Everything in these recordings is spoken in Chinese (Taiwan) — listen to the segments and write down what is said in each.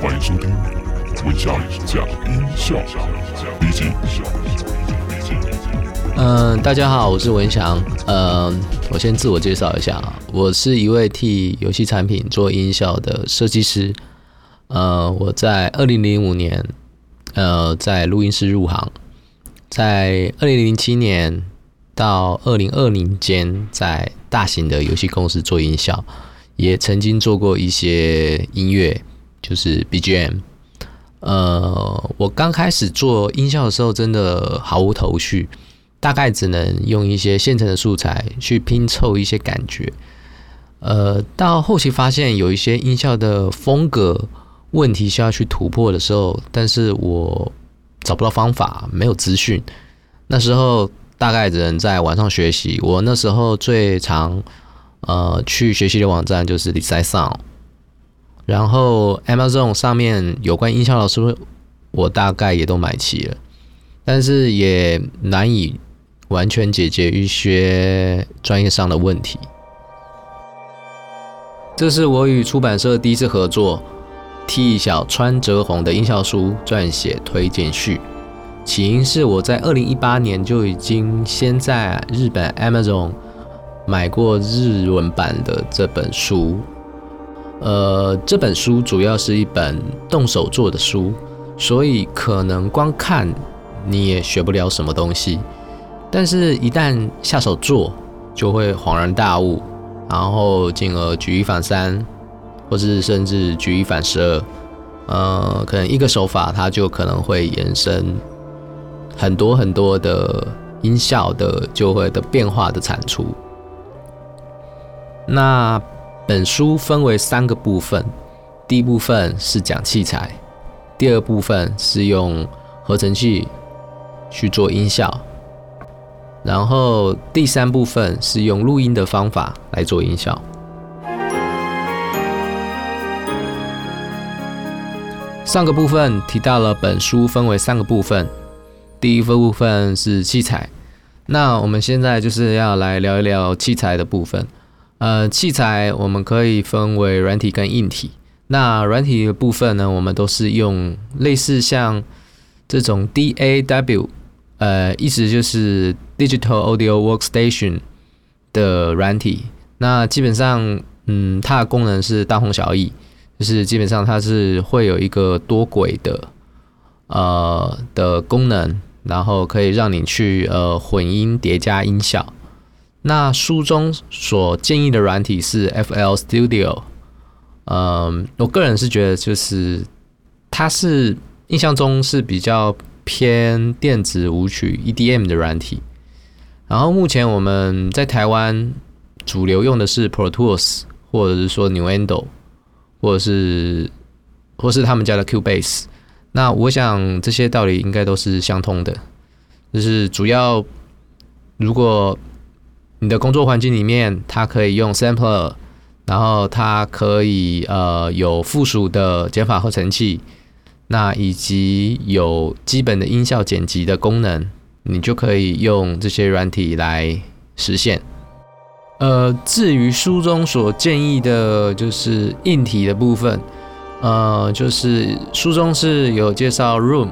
歡迎收聽文祥講音效。嗯、呃，大家好，我是文祥。嗯、呃，我先自我介紹一下，我是一位替遊戲產品做音效的設計師。呃，我在二零零五年，呃，在錄音室入行，在二零零七年到二零二零間，在大型的遊戲公司做音效，也曾經做過一些音樂。就是 BGM，呃，我剛開始做音效的時候，真的毫無頭緒，大概只能用一些現成的素材去拼湊一些感覺。呃，到後期發現有一些音效的風格問題需要去突破的時候，但是我找不到方法，沒有資訊。那時候大概只能在網上學習，我那時候最常呃去學習的網站就是理賽 Sound。然後，Amazon 上面有關音效的書，我大概也都買齊了，但是也難以完全解決一些專業上的問題。這是我與出版社第一次合作，替小川哲弘的音效書撰寫推薦序。起因是我在二零一八年就已經先在日本 Amazon 買過日文版的這本書。呃，這本書主要是一本動手做的書，所以可能光看你也學不了什麼東西，但是，一旦下手做，就會恍然大悟，然後進而舉一反三，或是甚至舉一反十二。呃，可能一個手法，它就可能會延伸很多很多的音效的就會的變化的產出。那。本書分為三個部分，第一部分是講器材，第二部分是用合成器去做音效，然後第三部分是用錄音的方法來做音效。上個部分提到了本書分為三個部分，第一個部分是器材，那我們現在就是要來聊一聊器材的部分。呃，器材我們可以分為軟體跟硬體。那軟體的部分呢，我們都是用類似像這種 DAW，呃，意思就是 Digital Audio Workstation 的軟體。那基本上，嗯，它的功能是大同小異，就是基本上它是會有一個多軌的，呃，的功能，然後可以讓你去呃混音、疊加音效。那書中所建議的軟體是 FL Studio，嗯，um, 我個人是覺得就是它是印象中是比較偏電子舞曲 EDM 的軟體，然後目前我們在台灣主流用的是 Pro Tools，或者是說 Nuendo，或者是或是他們家的 Cubase，那我想這些道理應該都是相通的，就是主要如果你的工作環境裡面，它可以用 sampler，然後它可以呃有附屬的減法合成器，那以及有基本的音效剪輯的功能，你就可以用這些軟體來實現。呃，至於書中所建議的，就是硬體的部分，呃，就是書中是有介紹 Zoom，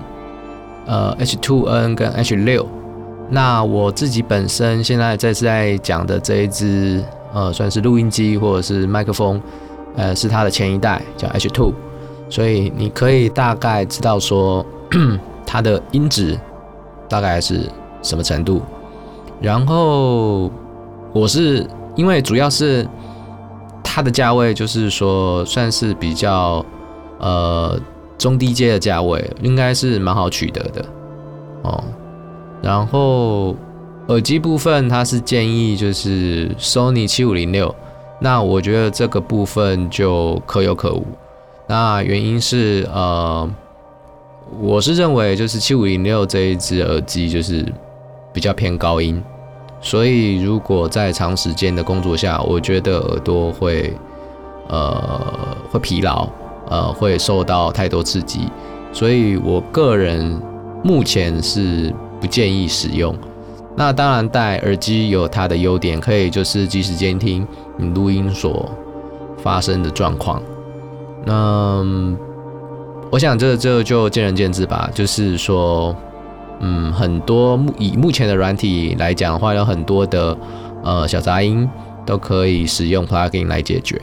呃，H2N 跟 H6。那我自己本身現在在在講的這一支，呃，算是錄音機或者是麥克風，呃，是它的前一代叫 H2，所以你可以大概知道說它的音質大概是什麼程度。然後我是因為主要是它的價位，就是說算是比較呃中低階的價位，應該是蠻好取得的哦。然後耳機部分，它是建議就是 Sony 七五零六，那我覺得這個部分就可有可無。那原因是呃，我是認為就是七五零六這一只耳機就是比較偏高音，所以如果在長時間的工作下，我覺得耳朵會呃會疲勞，呃會受到太多刺激，所以我個人目前是。不建議使用。那當然，戴耳機有它的優點，可以就是即時監聽你錄音所發生的狀況。那我想這這就見仁見智吧，就是說，嗯，很多目以目前的軟體來講的話，有很多的呃小雜音都可以使用 plugin 來解決。